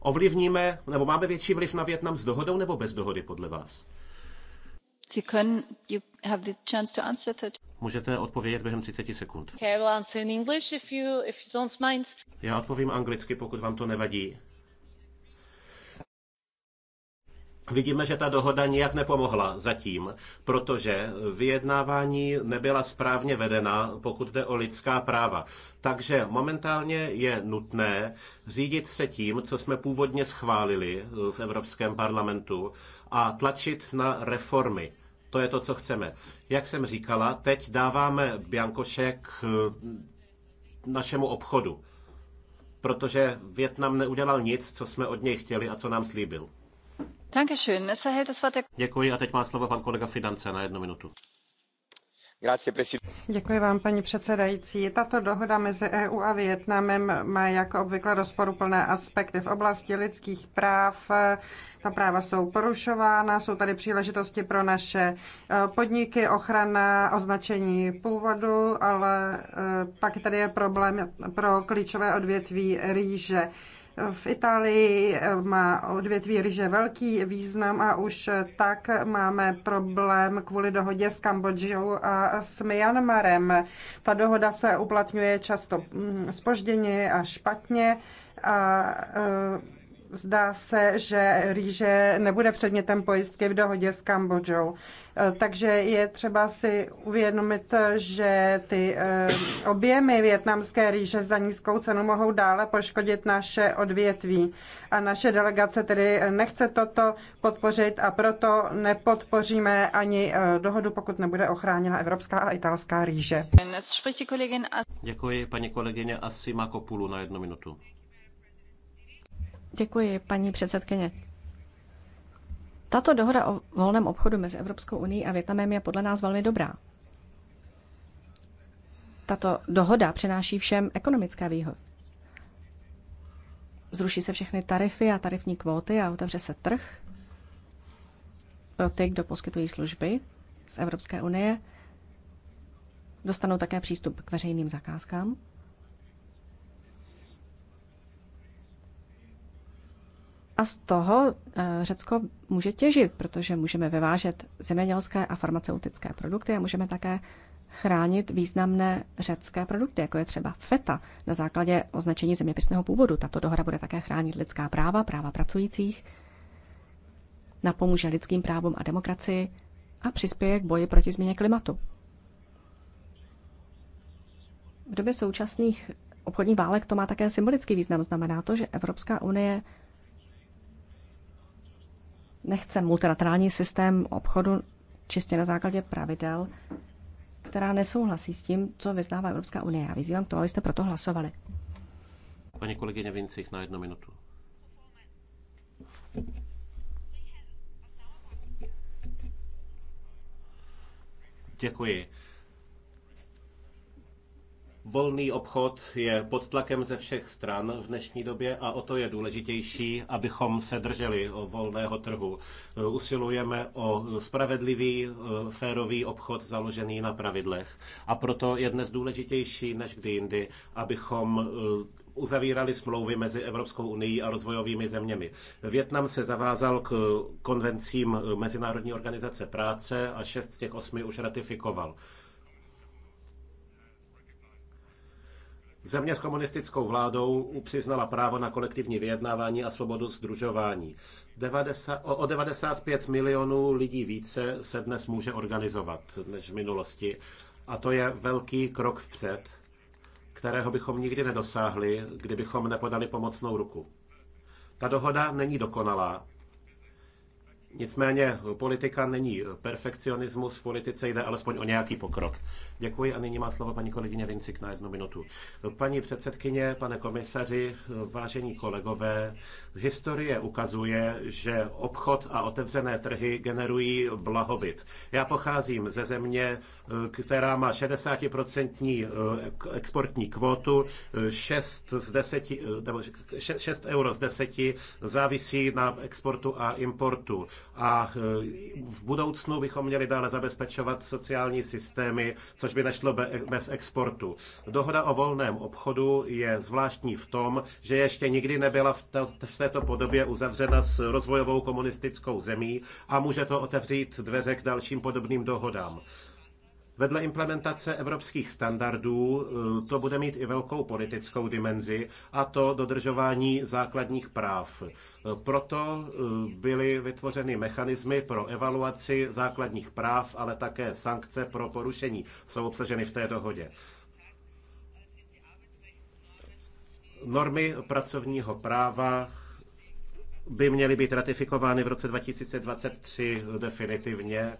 ovlivníme, nebo máme větší vliv na Větnam s dohodou nebo bez dohody podle vás? Sie können, you have the chance to answer that. Můžete odpovědět během 30 sekund. Okay, I will answer in English if you, if you don't mind. Já odpovím anglicky, pokud vám to nevadí. Vidíme, že ta dohoda nijak nepomohla zatím, protože vyjednávání nebyla správně vedena, pokud jde o lidská práva. Takže momentálně je nutné řídit se tím, co jsme původně schválili eh, v Evropském parlamentu a tlačit na reformy. To je to, co chceme. Jak jsem říkala, teď dáváme Biankošek eh, našemu obchodu, protože Větnam neudělal nic, co jsme od něj chtěli a co nám slíbil. Děkuji a teď má slovo pan kolega Finance na jednu minutu. Děkuji vám, paní předsedající. Tato dohoda mezi EU a Vietnamem má jako obvykle rozporuplné aspekty v oblasti lidských práv. Ta práva jsou porušována, jsou tady příležitosti pro naše eh, podniky, ochrana, označení původu, ale eh, pak tady je problém pro klíčové odvětví rýže. V Itálii eh, má odvětví ryže velký význam a už tak máme problém kvůli dohodě s Kambodžou a s Myanmarem. Ta dohoda se uplatňuje často spožděně mm, a špatně a eh, Zdá se, že rýže nebude předmětem pojistky v dohodě s Kambodžou. E, takže je třeba si uvědomit, že ty e, objemy větnamské rýže za nízkou cenu mohou dále poškodit naše odvětví. A naše delegace tedy nechce toto podpořit a proto nepodpoříme ani e, dohodu, pokud nebude ochráněna evropská a italská rýže. Děkuji paní kolegyně Asima Kopulu na jednu minutu. Děkuji, paní předsedkyně. Tato dohoda o volném obchodu mezi Evropskou unii a Větnamem je podle nás velmi dobrá. Tato dohoda přináší všem ekonomické výhody. Zruší se všechny tarify a tarifní kvóty a otevře se trh pro ty, kdo poskytují služby z Evropské unie. Dostanou také přístup k veřejným zakázkám. A z toho eh, Řecko může těžit, protože můžeme vyvážet zemědělské a farmaceutické produkty a můžeme také chránit významné řecké produkty, jako je třeba feta na základě označení zeměpisného původu. Tato dohoda bude také chránit lidská práva, práva pracujících, napomůže lidským právům a demokracii a přispěje k boji proti změně klimatu. V době současných obchodních válek to má také symbolický význam. Znamená to, že Evropská unie nechce multilaterální systém obchodu čistě na základě pravidel, která nesouhlasí s tím, co vyznává Evropská unie. Já vyzývám k tomu, abyste proto hlasovali. Paní kolegyně Vincich na jednu minutu. Děkuji. Volný obchod je pod tlakem ze všech stran v dnešní době a o to je důležitější, abychom se drželi o volného trhu. Usilujeme o spravedlivý, eh, férový obchod založený na pravidlech a proto je dnes důležitější než kdy jindy, abychom eh, uzavírali smlouvy mezi Evropskou unii a rozvojovými zeměmi. Větnam se zavázal k konvencím Mezinárodní organizace práce a šest z těch osmi už ratifikoval. Země s komunistickou vládou přiznala právo na kolektivní vyjednávání a svobodu združování. 90, o 95 milionů lidí více se dnes může organizovat než v minulosti. A to je velký krok vpřed, kterého bychom nikdy nedosáhli, kdybychom nepodali pomocnou ruku. Ta dohoda není dokonalá, Nicméně eh, politika není eh, perfekcionismus, v politice jde alespoň o nějaký pokrok. Děkuji a nyní má slovo paní kolegyně Vincik na jednu minutu. Eh, paní předsedkyně, pane komisaři, vážení kolegové, historie ukazuje, že obchod a otevřené trhy generují blahobyt. Já pocházím ze země, která má 60% exportní kvotu, 6, z 10, nebo 6 euro z 10 závisí na exportu a importu a e, v budoucnu bychom měli dále zabezpečovat sociální systémy, což by nešlo bez exportu. Dohoda o volném obchodu je zvláštní v tom, že ještě nikdy nebyla v této podobě uzavřena s rozvojovou komunistickou zemí a může to otevřít dveře k dalším podobným dohodám. Vedle implementace evropských standardů eh, to bude mít i velkou politickou dimenzi a to dodržování základních práv. Eh, proto eh, byly vytvořeny mechanismy pro evaluaci základních práv, ale také sankce pro porušení jsou obsaženy v té dohodě. Normy pracovního práva by měly být ratifikovány v roce 2023 definitivně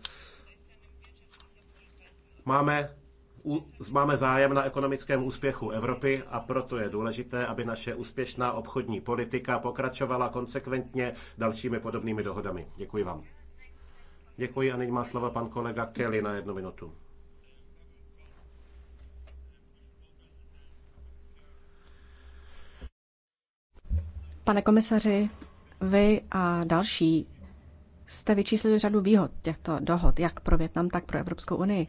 Máme máme zájem na ekonomickém úspěchu Evropy a proto je důležité, aby naše úspěšná obchodní politika pokračovala konsekventně dalšími podobnými dohodami. Děkuji vám. Děkuji a nyní má slovo pan kolega Kelly na jednu minutu. Pane komisaři, vy a další jste vyčíslili řadu výhod těchto dohod, jak pro Větnam, tak pro Evropskou unii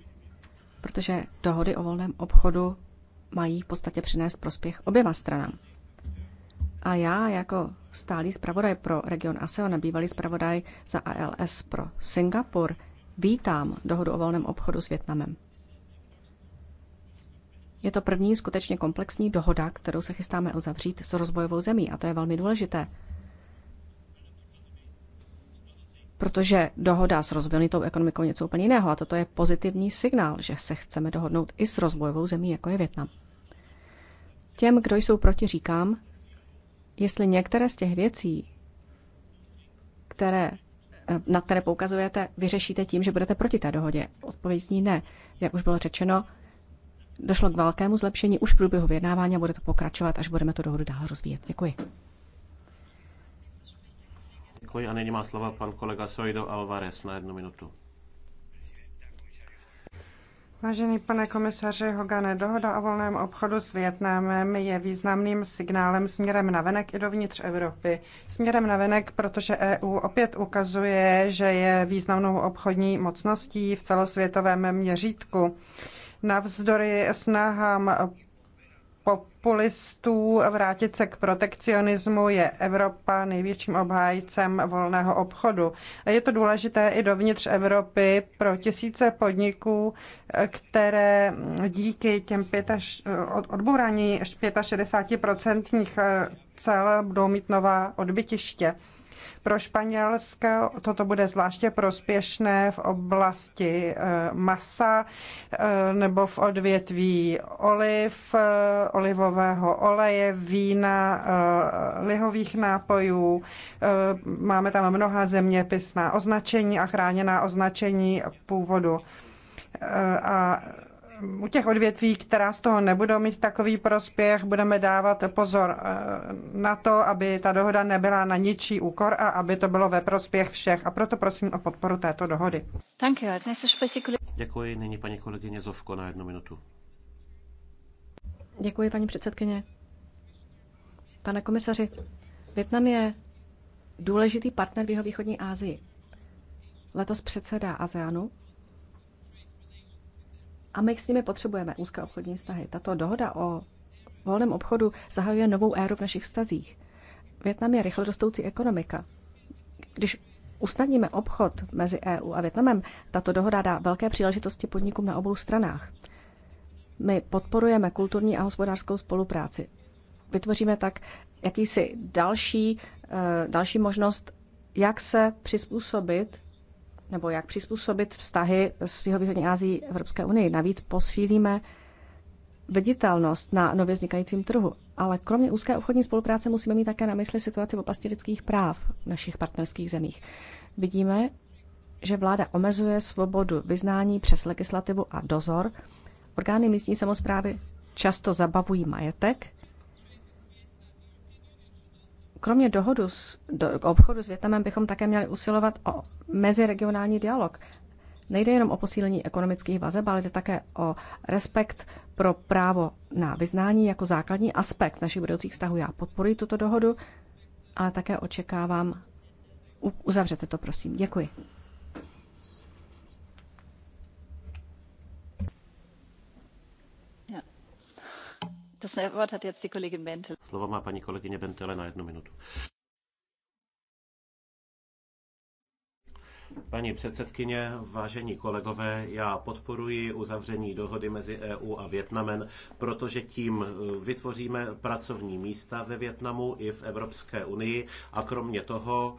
protože dohody o volném obchodu mají v podstatě přinést prospěch oběma stranám. A já jako stálý zpravodaj pro region ASEAN a bývalý zpravodaj za ALS pro Singapur vítám dohodu o volném obchodu s Větnamem. Je to první skutečně komplexní dohoda, kterou se chystáme uzavřít s rozvojovou zemí a to je velmi důležité, protože dohoda s rozvinutou ekonomikou něco úplně jiného a toto je pozitivní signál, že se chceme dohodnout i s rozvojovou zemí, jako je Větnam. Těm, kdo jsou proti, říkám, jestli některé z těch věcí, které, eh, na které poukazujete, vyřešíte tím, že budete proti té dohodě. Odpověď zní ne. Jak už bylo řečeno, došlo k velkému zlepšení už v průběhu vyjednávání a bude to pokračovat, až budeme tu dohodu dál rozvíjet. Děkuji. Děkuji a nyní má slovo pan kolega Soido Alvarez na jednu minutu. Vážený pane komisaři Hogane, dohoda o volném obchodu s Větnamem je významným signálem směrem na venek i dovnitř Evropy. Směrem na venek, protože EU opět ukazuje, že je významnou obchodní mocností v celosvětovém měřítku. Navzdory snahám populistů vrátit se k protekcionismu je Evropa největším obhájcem volného obchodu. A je to důležité i dovnitř Evropy pro tisíce podniků, které díky těm až, odbourání 65% eh, cel budou mít nová odbytiště. Pro Španělsko toto bude zvláště prospěšné v oblasti eh, masa eh, nebo v odvětví oliv, eh, olivového oleje, vína, lihových nápojů. Máme tam mnoha zeměpisná označení a chráněná označení původu. A u těch odvětví, která z toho nebudou mít takový prospěch, budeme dávat pozor eh, na to, aby ta dohoda nebyla na ničí úkor a aby to bylo ve prospěch všech. A proto prosím o podporu této dohody. Děkuji. Nyní paní kolegyně Zovko na jednu minutu. Děkuji, paní předsedkyně. Pane komisaři, Větnam je důležitý partner v jeho východní Asii. Letos předsedá ASEANu a my s nimi potřebujeme úzké obchodní vztahy. Tato dohoda o volném obchodu zahajuje novou éru v našich vztazích. Větnam je rychle rostoucí ekonomika. Když usnadníme obchod mezi EU a Větnamem, tato dohoda dá velké příležitosti podnikům na obou stranách. My podporujeme kulturní a hospodářskou spolupráci. Vytvoříme tak jakýsi další, eh, další možnost, jak se přizpůsobit nebo jak přizpůsobit vztahy s jihovýchodní Ázií Evropské unii. Navíc posílíme viditelnost na nově vznikajícím trhu. Ale kromě úzké obchodní spolupráce musíme mít také na mysli situaci v oblasti lidských práv v našich partnerských zemích. Vidíme, že vláda omezuje svobodu vyznání přes legislativu a dozor. Orgány místní samozprávy často zabavují majetek kromě dohodu s, do, k obchodu s Větnamem bychom také měli usilovat o meziregionální dialog. Nejde jenom o posílení ekonomických vazeb, ale jde také o respekt pro právo na vyznání jako základní aspekt našich budoucích vztahů. Já podporuji tuto dohodu, ale také očekávám. Uzavřete to, prosím. Děkuji. Slovo má paní kolegyně Bentele na jednu minutu. Paní předsedkyně, vážení kolegové, já podporuji uzavření dohody mezi EU a Větnamem, protože tím eh, vytvoříme pracovní místa ve Větnamu i v Evropské unii a kromě toho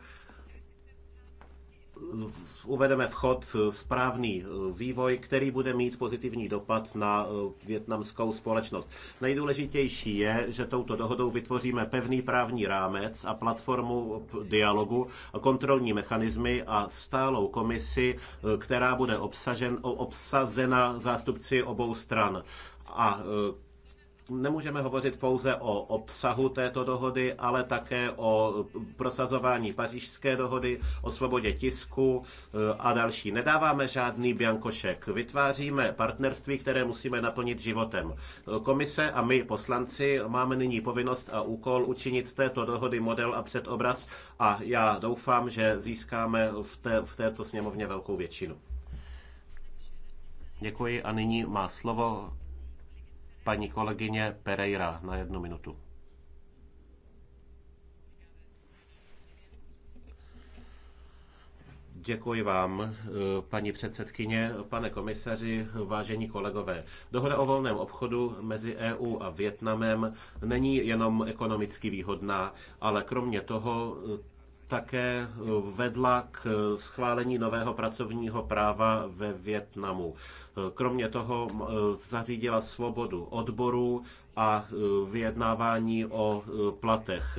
uvedeme v chod eh, správný eh, vývoj, který bude mít pozitivní dopad na eh, větnamskou společnost. Nejdůležitější je, že touto dohodou vytvoříme pevný právní rámec a platformu dialogu, kontrolní mechanismy a stálou komisi, která bude obsažen, obsazena zástupci obou stran. A nemůžeme hovořit pouze o obsahu této dohody, ale také o prosazování pařížské dohody, o svobodě tisku eh, a další. Nedáváme žádný biankošek. Vytváříme partnerství, které musíme naplnit životem. Eh, komise a my, poslanci, máme nyní povinnost a úkol učinit z této dohody model a předobraz a já doufám, že získáme v, té, v této sněmovně velkou většinu. Děkuji a nyní má slovo paní kolegyně Pereira na jednu minutu. Děkuji vám, paní předsedkyně, pane komisaři, vážení kolegové. Dohoda o volném obchodu mezi EU a Větnamem není jenom ekonomicky výhodná, ale kromě toho také vedla k schválení nového pracovního práva ve Větnamu. Kromě toho e, zařídila svobodu odborů a e, vyjednávání o e, platech.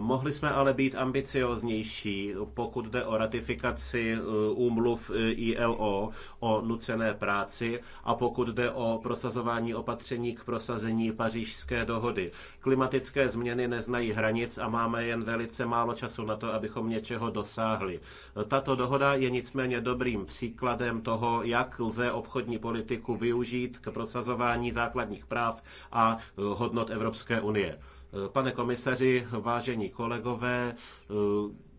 Mohli jsme ale být ambicioznější, pokud jde o ratifikaci úmluv ILO o nucené práci a pokud jde o prosazování opatření k prosazení pařížské dohody. Klimatické změny neznají hranic a máme jen velice málo času na to, abychom něčeho dosáhli. Tato dohoda je nicméně dobrým příkladem toho, jak lze obchodní mezinárodní politiku využít k prosazování základních práv a eh, hodnot Evropské unie. Eh, pane komisaři, vážení kolegové, eh,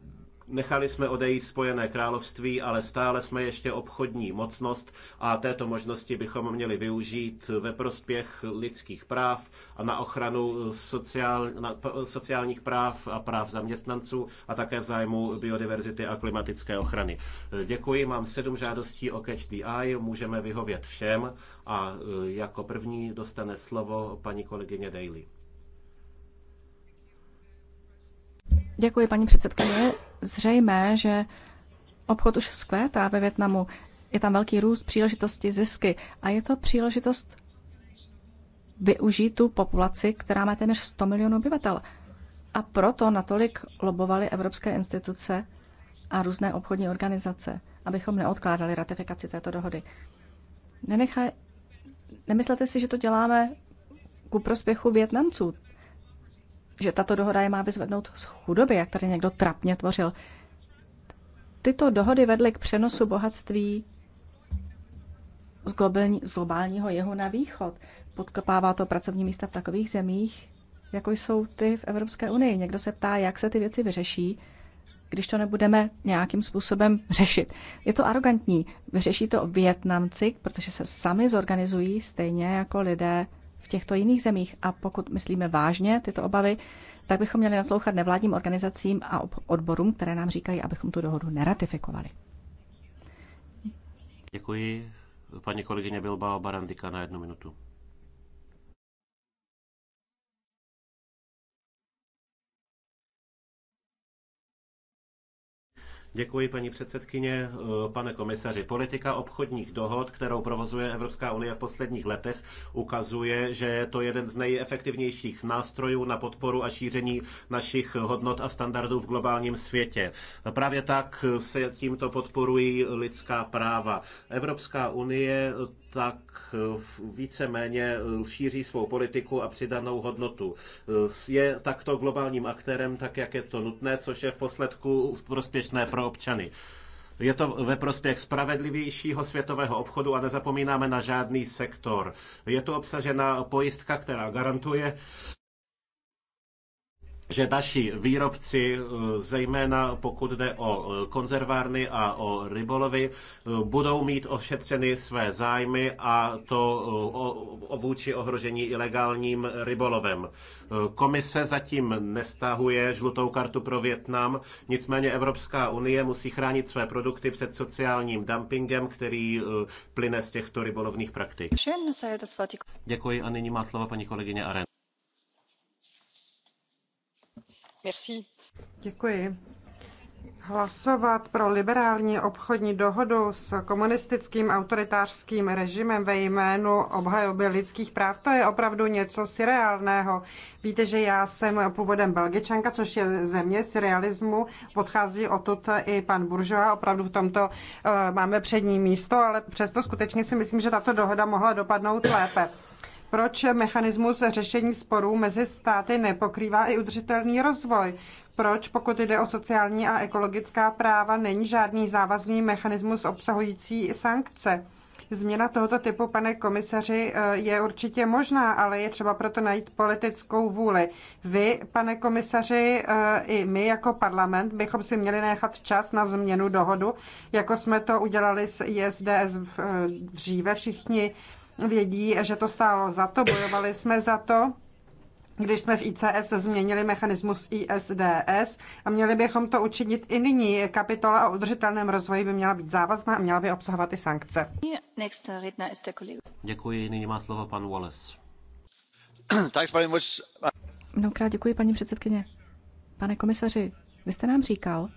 Nechali jsme odejít Spojené království, ale stále jsme ještě obchodní mocnost a této možnosti bychom měli využít ve prospěch lidských práv a na ochranu sociál, na, sociálních práv a práv zaměstnanců a také v zájmu biodiverzity a klimatické ochrany. Děkuji, mám sedm žádostí o Catch the Eye, můžeme vyhovět všem a e, jako první dostane slovo paní kolegyně Daly. Děkuji, paní předsedkyně. Je zřejmé, že obchod už zkvétá ve Větnamu. Je tam velký růst, příležitosti, zisky a je to příležitost využít tu populaci, která má téměř 100 milionů obyvatel. A proto natolik lobovaly evropské instituce a různé obchodní organizace, abychom neodkládali ratifikaci této dohody. Nenechaj, nemyslete si, že to děláme ku prospěchu Větnamců že tato dohoda je má vyzvednout z chudoby, jak tady někdo trapně tvořil. Tyto dohody vedly k přenosu bohatství z, globální, z globálního jihu na východ. Podkopává to pracovní místa v takových zemích, jako jsou ty v Evropské unii. Někdo se ptá, jak se ty věci vyřeší, když to nebudeme nějakým způsobem řešit. Je to arrogantní. Vyřeší to Větnamci, protože se sami zorganizují stejně jako lidé těchto jiných zemích. A pokud myslíme vážně tyto obavy, tak bychom měli naslouchat nevládním organizacím a odborům, které nám říkají, abychom tu dohodu neratifikovali. Děkuji. Paní kolegyně Bilbao Barandika na jednu minutu. Děkuji, paní předsedkyně. Pane komisaři, politika obchodních dohod, kterou provozuje Evropská unie v posledních letech, ukazuje, že je to jeden z nejefektivnějších nástrojů na podporu a šíření našich hodnot a standardů v globálním světě. Právě tak se tímto podporují lidská práva. Evropská unie tak eh, víceméně eh, šíří svou politiku a přidanou hodnotu. Eh, je takto globálním aktérem, tak jak je to nutné, což je v posledku prospěšné pro občany. Je to ve prospěch spravedlivějšího světového obchodu a nezapomínáme na žádný sektor. Je tu obsažena pojistka, která garantuje, že naši výrobci, eh, zejména pokud jde o eh, konzervárny a o rybolovy, eh, budou mít ošetřeny své zájmy a to o vůči ohrožení ilegálním rybolovem. Komise zatím nestahuje žlutou kartu pro Větnam, nicméně Evropská unie musí chránit své produkty před sociálním dumpingem, který plyne z těchto rybolovných praktik. Děkuji a nyní má slovo paní kolegyně Aren. Merci. Děkuji. Hlasovat pro liberální obchodní dohodu s komunistickým autoritářským režimem ve jménu obhajoby lidských práv, to je opravdu něco sireálného. Víte, že já jsem původem Belgičanka, což je země surrealismu. Podchází odtud i pan Buržová, opravdu v tomto eh, máme přední místo, ale přesto skutečně si myslím, že tato dohoda mohla dopadnout lépe. Proč mechanismus řešení sporů mezi státy nepokrývá i udržitelný rozvoj? Proč, pokud jde o sociální a ekologická práva, není žádný závazný mechanismus obsahující sankce? Změna tohoto typu, pane komisaři, eh, je určitě možná, ale je třeba proto najít politickou vůli. Vy, pane komisaři, eh, i my jako parlament bychom si měli nechat čas na změnu dohodu, jako jsme to udělali s ISDS eh, dříve. Všichni vědí, že to stálo za to, bojovali jsme za to, když jsme v ICS změnili mechanismus ISDS a měli bychom to učinit i nyní. Kapitola o udržitelném rozvoji by měla být závazná a měla by obsahovat i sankce. Uh, děkuji, nyní má slovo pan Wallace. Mnohokrát děkuji, paní předsedkyně. Pane komisaři, vy jste nám říkal,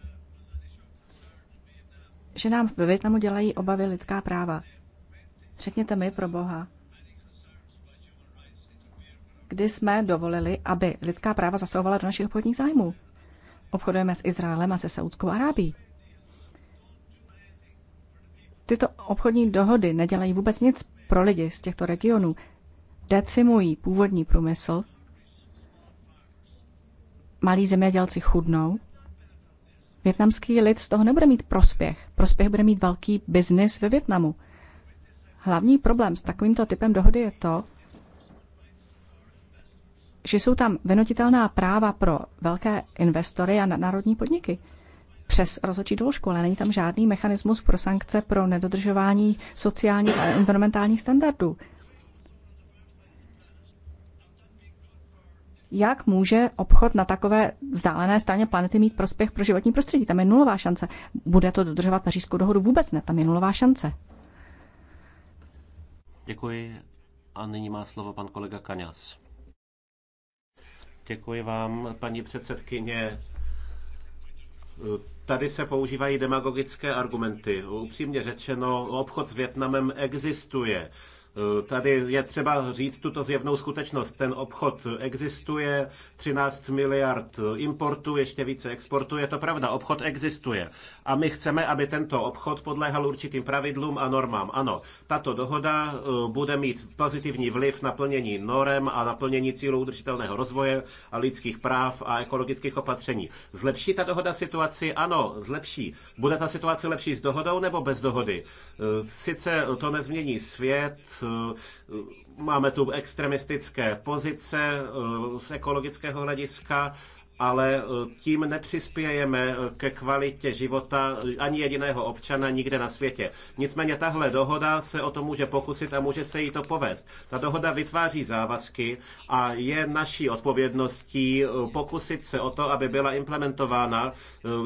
že nám ve Větnamu dělají obavy lidská práva. Řekněte mi pro Boha, kdy jsme dovolili, aby lidská práva zasahovala do našich obchodních zájmů. Obchodujeme s Izraelem a se Saudskou Arábí. Tyto obchodní dohody nedělají vůbec nic pro lidi z těchto regionů. Decimují původní průmysl, malí zemědělci chudnou, větnamský lid z toho nebude mít prospěch. Prospěch bude mít velký biznis ve Větnamu. Hlavní problém s takovýmto typem dohody je to, že jsou tam venotitelná práva pro velké investory a národní podniky přes rozhodčí doložku, ale není tam žádný mechanismus pro sankce pro nedodržování sociálních a environmentálních standardů. Jak může obchod na takové vzdálené straně planety mít prospěch pro životní prostředí? Tam je nulová šance. Bude to dodržovat pařížskou dohodu? Vůbec ne, tam je nulová šance. Děkuji a nyní má slovo pan kolega Kaňas. Děkuji vám, paní předsedkyně. Tady se používají demagogické argumenty. Upřímně řečeno, obchod s Větnamem existuje. Eh, tady je třeba říct tuto zjevnou skutečnost. Ten obchod existuje, 13 miliard importu, ještě více exportu, je to pravda, obchod existuje. A my chceme, aby tento obchod podléhal určitým pravidlům a normám. Ano, tato dohoda eh, bude mít pozitivní vliv na plnění norem a na plnění cílů udržitelného rozvoje a lidských práv a ekologických opatření. Zlepší ta dohoda situaci? Ano, zlepší. Bude ta situace lepší s dohodou nebo bez dohody? Eh, sice to nezmění svět, Máme tu extremistické pozice eh, z ekologického hlediska ale e, tím nepřispějeme e, ke kvalitě života e, ani jediného občana nikde na světě. Nicméně tahle dohoda se o to může pokusit a může se jí to povést. Ta dohoda vytváří závazky a je naší odpovědností pokusit se o to, aby byla implementována.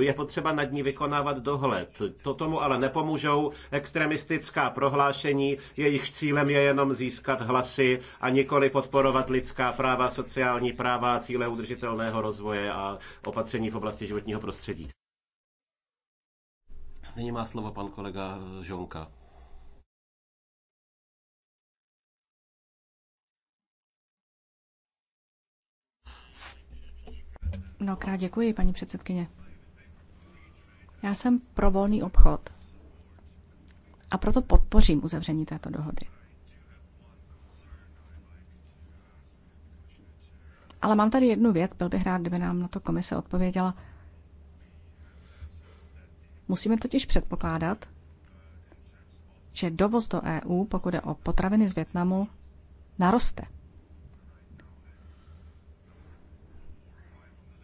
Je potřeba nad ní vykonávat dohled. To tomu ale nepomůžou extremistická prohlášení, jejich cílem je jenom získat hlasy a nikoli podporovat lidská práva, sociální práva a cíle udržitelného rozvoje rozvoje a opatření v oblasti životního prostředí. Nyní má slovo pan kolega Žonka. Mnohokrát děkuji, paní předsedkyně. Já jsem pro volný obchod a proto podpořím uzavření této dohody. Ale mám tady jednu věc, byl bych rád, kdyby nám na to komise odpověděla. Musíme totiž předpokládat, že dovoz do EU, pokud je o potraviny z Větnamu, naroste.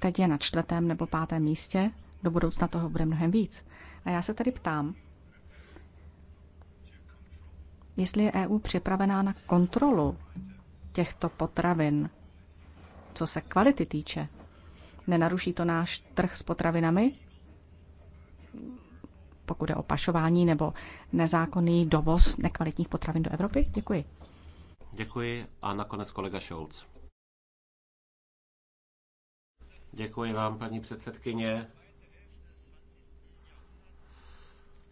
Teď je na čtvrtém nebo pátém místě, do budoucna toho bude mnohem víc. A já se tady ptám, jestli je EU připravená na kontrolu těchto potravin co se kvality týče. Nenaruší to náš trh s potravinami, pokud je o pašování nebo nezákonný dovoz nekvalitních potravin do Evropy? Děkuji. Děkuji a nakonec kolega Scholz. Děkuji vám, paní předsedkyně.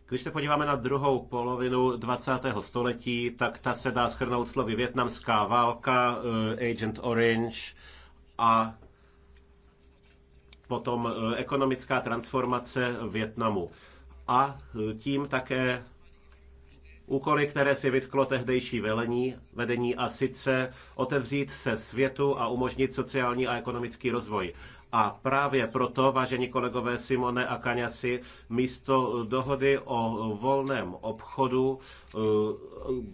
Když se podíváme na druhou polovinu 20. století, tak ta se dá schrnout slovy větnamská válka, eh, Agent Orange, a potom e, ekonomická transformace Větnamu. A e, tím také úkoly, které si vytklo tehdejší velení, vedení a sice otevřít se světu a umožnit sociální a ekonomický rozvoj. A právě proto, vážení kolegové Simone a Kaňasi, místo dohody o volném obchodu e,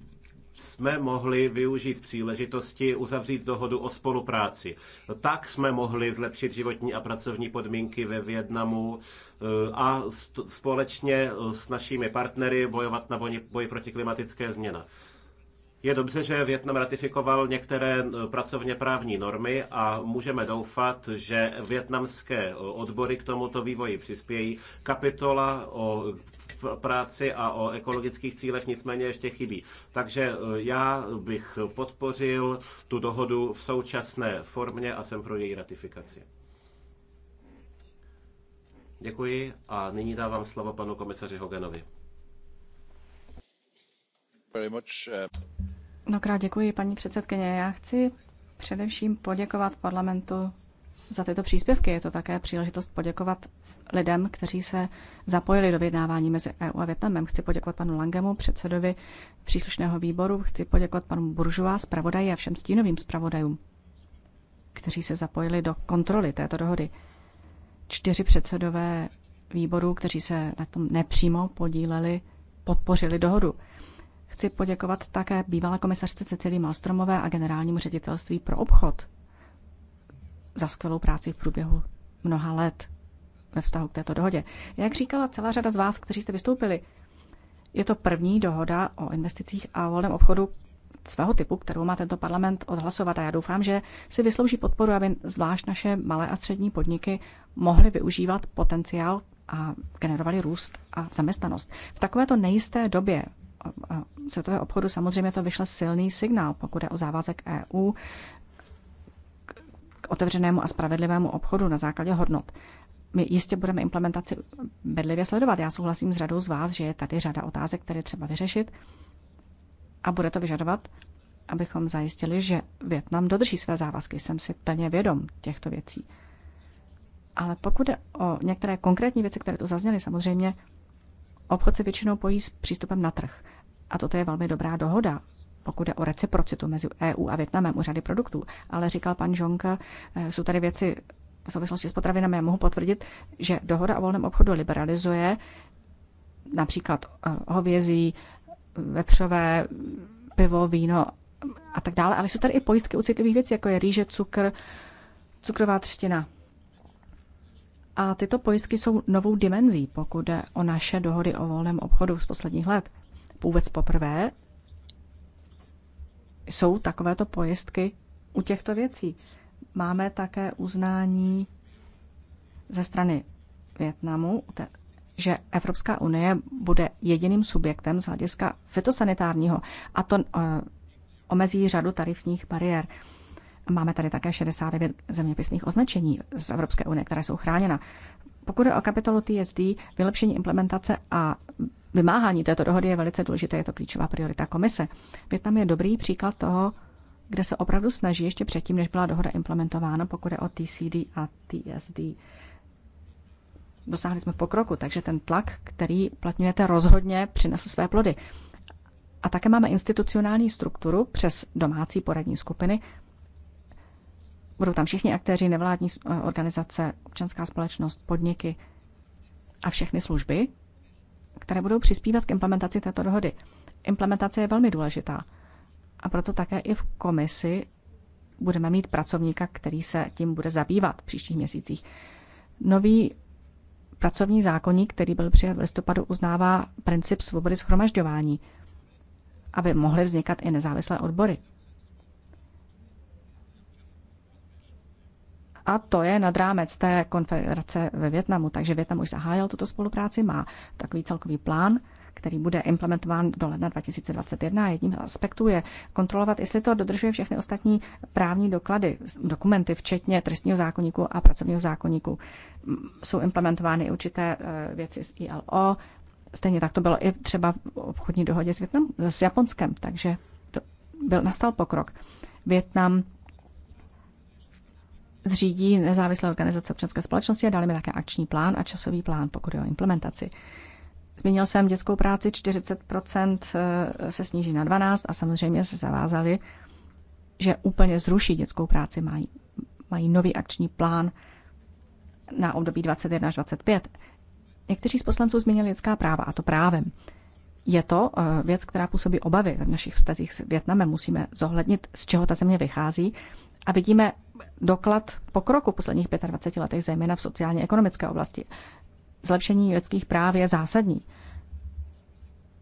jsme mohli využít příležitosti uzavřít dohodu o spolupráci. Tak jsme mohli zlepšit životní a pracovní podmínky ve Větnamu eh, a společně eh, s našimi partnery bojovat na boji proti klimatické změna. Je dobře, že Větnam ratifikoval některé eh, pracovně právní normy a můžeme doufat, že větnamské odbory k tomuto vývoji přispějí. Kapitola o práci a o ekologických cílech nicméně ještě chybí. Takže eh, já bych podpořil tu dohodu v současné formě a jsem pro její ratifikaci. Děkuji a nyní dávám slovo panu komisaři Hoganovi. Eh. Mnohokrát děkuji, paní předsedkyně. Já chci především poděkovat parlamentu za tyto příspěvky. Je to také příležitost poděkovat lidem, kteří se zapojili do vyjednávání mezi EU a Větnamem. Chci poděkovat panu Langemu, předsedovi příslušného výboru, chci poděkovat panu Buržuá, zpravodaji a všem stínovým zpravodajům, kteří se zapojili do kontroly této dohody. Čtyři předsedové výborů, kteří se na tom nepřímo podíleli, podpořili dohodu. Chci poděkovat také bývalé komisařce Cecilii Malstromové a generálnímu ředitelství pro obchod, za skvělou práci v průběhu mnoha let ve vztahu k této dohodě. Jak říkala celá řada z vás, kteří jste vystoupili, je to první dohoda o investicích a volném obchodu svého typu, kterou má tento parlament odhlasovat a já doufám, že si vyslouží podporu, aby zvlášť naše malé a střední podniky mohly využívat potenciál a generovali růst a zaměstnanost. V takovéto nejisté době světového obchodu samozřejmě to vyšle silný signál, pokud je o závazek EU k otevřenému a spravedlivému obchodu na základě hodnot. My jistě budeme implementaci bedlivě sledovat. Já souhlasím s řadou z vás, že je tady řada otázek, které třeba vyřešit a bude to vyžadovat, abychom zajistili, že Větnam dodrží své závazky. Jsem si plně vědom těchto věcí. Ale pokud je o některé konkrétní věci, které tu zazněly, samozřejmě obchod se většinou pojí s přístupem na trh. A toto je velmi dobrá dohoda pokud jde o reciprocitu mezi EU a Větnamem u řady produktů. Ale říkal pan Žonka, eh, jsou tady věci v souvislosti s potravinami. Já mohu potvrdit, že dohoda o volném obchodu liberalizuje například eh, hovězí, vepřové, pivo, víno a tak dále, ale jsou tady i pojistky u citlivých věcí, jako je rýže, cukr, cukrová třtina. A tyto pojistky jsou novou dimenzí, pokud jde o naše dohody o volném obchodu z posledních let. Vůbec poprvé jsou takovéto pojistky u těchto věcí. Máme také uznání ze strany Větnamu, že Evropská unie bude jediným subjektem z hlediska fitosanitárního a to eh, omezí řadu tarifních bariér. Máme tady také 69 zeměpisných označení z Evropské unie, které jsou chráněna. Pokud je o kapitolu TSD, vylepšení implementace a vymáhání této dohody je velice důležité, je to klíčová priorita komise. Větnam je dobrý příklad toho, kde se opravdu snaží ještě předtím, než byla dohoda implementována, pokud je o TCD a TSD. Dosáhli jsme pokroku, takže ten tlak, který platňujete, rozhodně přinesl své plody. A také máme institucionální strukturu přes domácí poradní skupiny, budou tam všichni aktéři, nevládní eh, organizace, občanská společnost, podniky a všechny služby, které budou přispívat k implementaci této dohody. Implementace je velmi důležitá a proto také i v komisi budeme mít pracovníka, který se tím bude zabývat v příštích měsících. Nový pracovní zákonník, který byl přijat v listopadu, uznává princip svobody schromažďování, aby mohly vznikat i nezávislé odbory. A to je nad rámec té konfederace ve Větnamu. Takže Větnam už zahájil tuto spolupráci, má takový celkový plán, který bude implementován do ledna 2021. A jedním z aspektů je kontrolovat, jestli to dodržuje všechny ostatní právní doklady, dokumenty, včetně trestního zákonníku a pracovního zákonníku. Jsou implementovány určité eh, věci z ILO. Stejně tak to bylo i třeba v obchodní dohodě s, Větnam, s Japonskem, takže byl, nastal pokrok. Větnam zřídí nezávislé organizace občanské společnosti a dali mi také akční plán a časový plán, pokud je o implementaci. Zmínil jsem dětskou práci, 40% eh, se sníží na 12 a samozřejmě se zavázali, že úplně zruší dětskou práci, mají, mají nový akční plán na období 21 až 25. Někteří z poslanců zmínili lidská práva a to právem. Je to eh, věc, která působí obavy v našich vztazích s Větnamem. Musíme zohlednit, z čeho ta země vychází a vidíme doklad pokroku v posledních 25 letech, zejména v sociálně ekonomické oblasti. Zlepšení lidských práv je zásadní.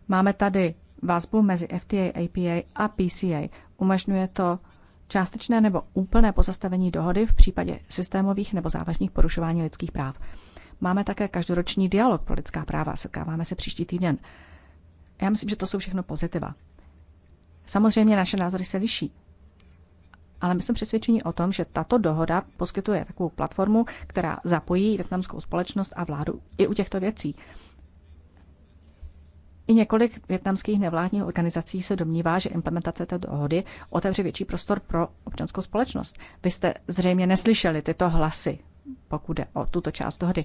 Máme tady vazbu mezi FTA, APA a PCA. Umožňuje to částečné nebo úplné pozastavení dohody v případě systémových nebo závažných porušování lidských práv. Máme také každoroční dialog pro lidská práva, setkáváme se příští týden. Já myslím, že to jsou všechno pozitiva. Samozřejmě naše názory se liší ale my jsme přesvědčeni o tom, že tato dohoda poskytuje takovou platformu, která zapojí větnamskou společnost a vládu i u těchto věcí. I několik větnamských nevládních organizací se domnívá, že implementace této dohody otevře větší prostor pro občanskou společnost. Vy jste zřejmě neslyšeli tyto hlasy, pokud jde o tuto část dohody.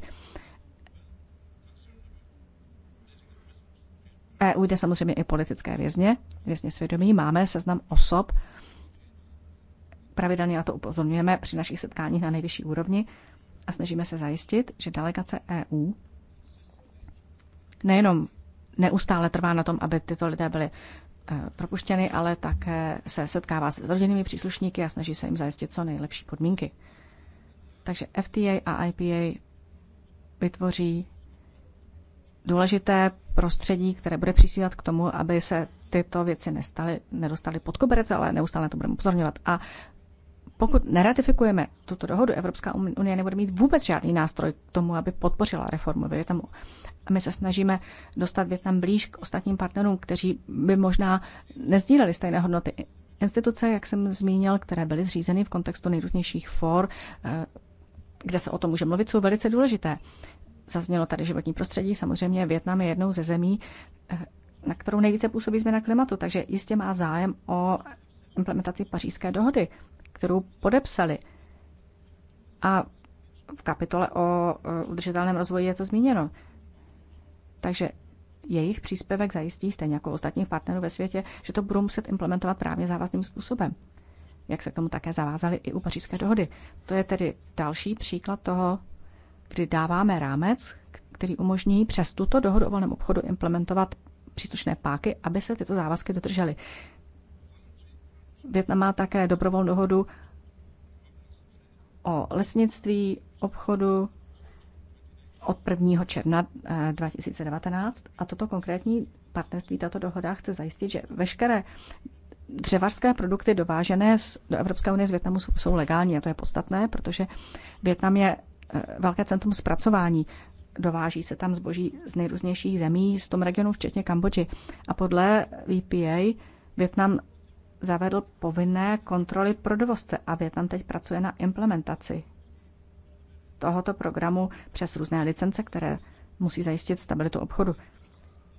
EU jde samozřejmě i politické vězně, vězně svědomí. Máme seznam osob, Pravidelně na to upozorňujeme při našich setkáních na nejvyšší úrovni a snažíme se zajistit, že delegace EU nejenom neustále trvá na tom, aby tyto lidé byli e, propuštěny, ale také se setkává s rodinnými příslušníky a snaží se jim zajistit co nejlepší podmínky. Takže FTA a IPA vytvoří důležité prostředí, které bude přispívat k tomu, aby se tyto věci nestaly, nedostaly pod koberec, ale neustále to budeme upozorňovat. A pokud neratifikujeme tuto dohodu, Evropská unie nebude mít vůbec žádný nástroj k tomu, aby podpořila reformu Větnamu. A my se snažíme dostat Větnam blíž k ostatním partnerům, kteří by možná nezdíleli stejné hodnoty. Instituce, jak jsem zmínil, které byly zřízeny v kontextu nejrůznějších for, eh, kde se o tom může mluvit, jsou velice důležité. Zaznělo tady životní prostředí, samozřejmě Větnam je jednou ze zemí, eh, na kterou nejvíce působí změna klimatu, takže jistě má zájem o implementaci pařížské dohody kterou podepsali. A v kapitole o e, udržitelném rozvoji je to zmíněno. Takže jejich příspěvek zajistí, stejně jako ostatních partnerů ve světě, že to budou muset implementovat právně závazným způsobem, jak se k tomu také zavázali i u pařížské dohody. To je tedy další příklad toho, kdy dáváme rámec, který umožní přes tuto dohodu o volném obchodu implementovat příslušné páky, aby se tyto závazky dodržely. Větnam má také dobrovolnou dohodu o lesnictví, obchodu od 1. června 2019 eh, a toto konkrétní partnerství, tato dohoda chce zajistit, že veškeré dřevařské produkty dovážené do Evropské unie z Větnamu jsou, legální a to je podstatné, protože Větnam je eh, velké centrum zpracování. Dováží se tam zboží z nejrůznějších zemí z tom regionu, včetně Kambodži. A podle VPA Větnam zavedl povinné kontroly pro dovozce a Větnam teď pracuje na implementaci tohoto programu přes různé licence, které musí zajistit stabilitu obchodu.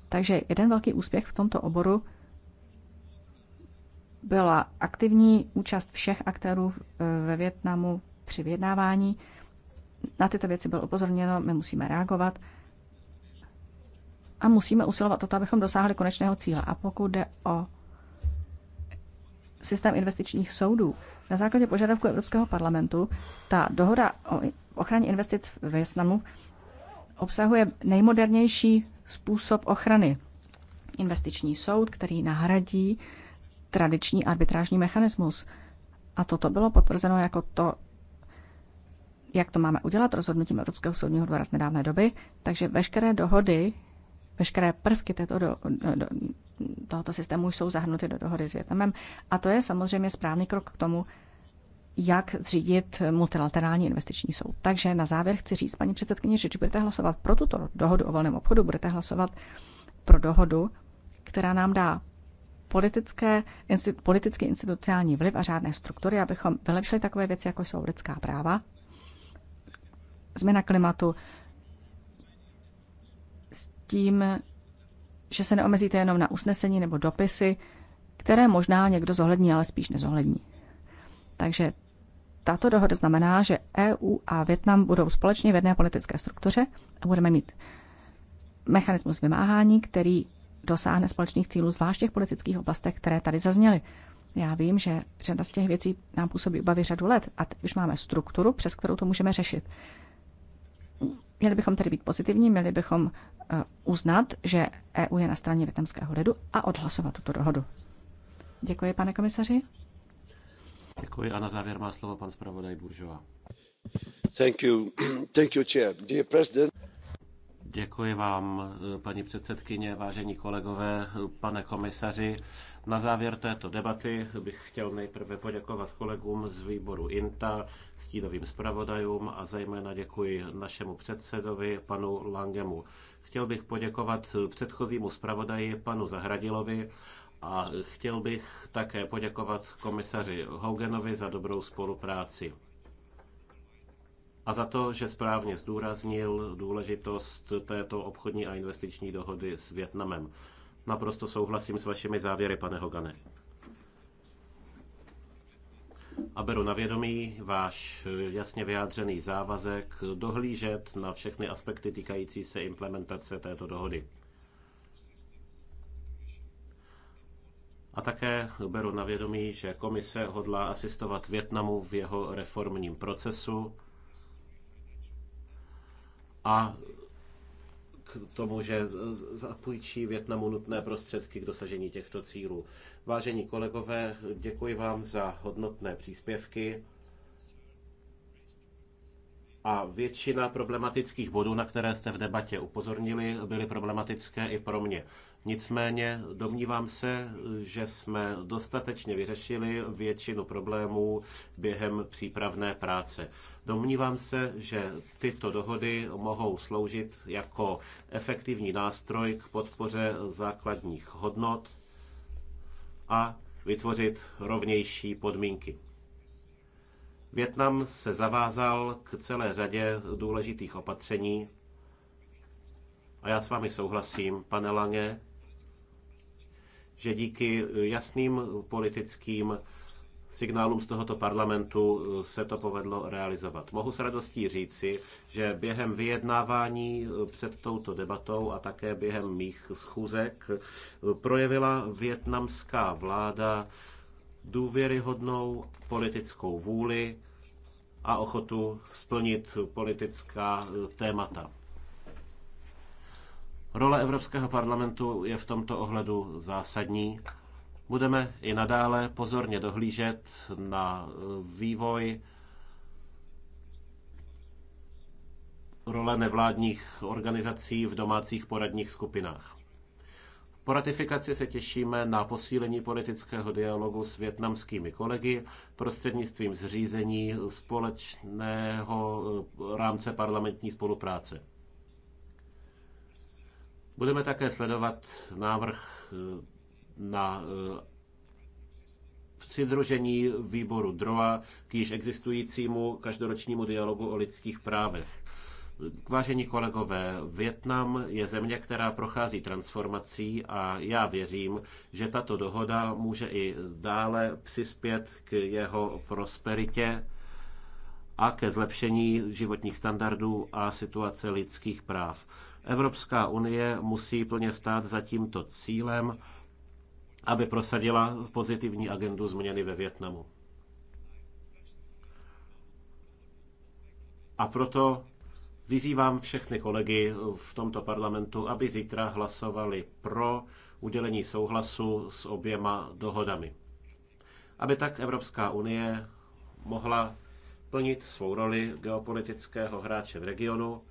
Takže jeden velký úspěch v tomto oboru byla aktivní účast všech aktérů eh, ve Větnamu při vyjednávání. Na tyto věci bylo upozorněno, my musíme reagovat a musíme usilovat o to, abychom dosáhli konečného cíle. A pokud jde o systém investičních soudů. Na základě požadavku Evropského parlamentu ta dohoda o ochraně investic v Vietnamu obsahuje nejmodernější způsob ochrany. Investiční soud, který nahradí tradiční arbitrážní mechanismus. A toto bylo potvrzeno jako to, jak to máme udělat rozhodnutím Evropského soudního dvora z nedávné doby. Takže veškeré dohody, veškeré prvky této do, do, do, tohoto systému jsou zahrnuty do dohody s Větnamem. A to je samozřejmě správný krok k tomu, jak zřídit multilaterální investiční soud. Takže na závěr chci říct, paní předsedkyně, že když budete hlasovat pro tuto dohodu o volném obchodu, budete hlasovat pro dohodu, která nám dá politické, politický institucionální vliv a řádné struktury, abychom vylepšili takové věci, jako jsou lidská práva, změna klimatu, s tím že se neomezíte jenom na usnesení nebo dopisy, které možná někdo zohlední, ale spíš nezohlední. Takže tato dohoda znamená, že EU a Větnam budou společně v jedné politické struktuře a budeme mít mechanismus vymáhání, který dosáhne společných cílů, zvlášť těch politických oblastech, které tady zazněly. Já vím, že řada z těch věcí nám působí obavy řadu let a teď už máme strukturu, přes kterou to můžeme řešit. Měli bychom tedy být pozitivní, měli bychom eh, uznat, že EU je na straně větnamského lidu a odhlasovat tuto dohodu. Děkuji, pane komisaři. Děkuji a na závěr má slovo pan zpravodaj Buržová. Thank you. Thank you, chair. Dear president. Děkuji vám, paní předsedkyně, vážení kolegové, pane komisaři. Na závěr této debaty bych chtěl nejprve poděkovat kolegům z výboru INTA, stínovým zpravodajům a zejména děkuji našemu předsedovi, panu Langemu. Chtěl bych poděkovat předchozímu zpravodaji, panu Zahradilovi, a chtěl bych také poděkovat komisaři Hougenovi za dobrou spolupráci a za to, že správně zdůraznil důležitost této obchodní a investiční dohody s Větnamem. Naprosto souhlasím s vašimi závěry, pane Hogane. A beru na vědomí váš eh, jasně vyjádřený závazek dohlížet na všechny aspekty týkající se implementace této dohody. A také beru na vědomí, že komise hodlá asistovat Větnamu v jeho reformním procesu a k tomu, že zapůjčí Větnamu nutné prostředky k dosažení těchto cílů. Vážení kolegové, děkuji vám za hodnotné příspěvky a většina problematických bodů, na které jste v debatě upozornili, byly problematické i pro mě. Nicméně domnívám se, že jsme dostatečně vyřešili většinu problémů během přípravné práce. Domnívám se, že tyto dohody mohou sloužit jako efektivní nástroj k podpoře základních hodnot a vytvořit rovnější podmínky. Větnam se zavázal k celé řadě důležitých opatření a já s vámi souhlasím, pane Lange, že díky jasným politickým signálům z tohoto parlamentu se to povedlo realizovat. Mohu s radostí říci, že během vyjednávání před touto debatou a také během mých schůzek projevila větnamská vláda důvěryhodnou politickou vůli a ochotu splnit politická eh, témata. Role Evropského parlamentu je v tomto ohledu zásadní. Budeme i nadále pozorně dohlížet na eh, vývoj role nevládních organizací v domácích poradních skupinách. Po ratifikaci se těšíme na posílení politického dialogu s větnamskými kolegy prostřednictvím zřízení společného eh, rámce parlamentní spolupráce. Budeme také sledovat návrh eh, na eh, přidružení výboru DROA k již existujícímu každoročnímu dialogu o lidských právech. Vážení kolegové, Větnam je země, která prochází transformací a já věřím, že tato dohoda může i dále přispět k jeho prosperitě a ke zlepšení životních standardů a situace lidských práv. Evropská unie musí plně stát za tímto cílem, aby prosadila pozitivní agendu změny ve Větnamu. A proto Vyzývám všechny kolegy v tomto parlamentu, aby zítra hlasovali pro udělení souhlasu s oběma dohodami. Aby tak Evropská unie mohla plnit svou roli geopolitického hráče v regionu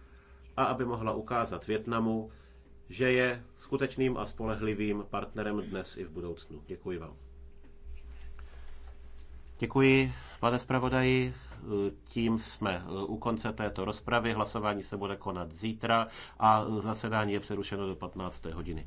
a aby mohla ukázat Větnamu, že je skutečným a spolehlivým partnerem dnes i v budoucnu. Děkuji vám. Děkuji, pane zpravodaji tím jsme e, u konce této rozpravy. Hlasování se bude konat zítra a zasedání je přerušeno do 15. hodiny.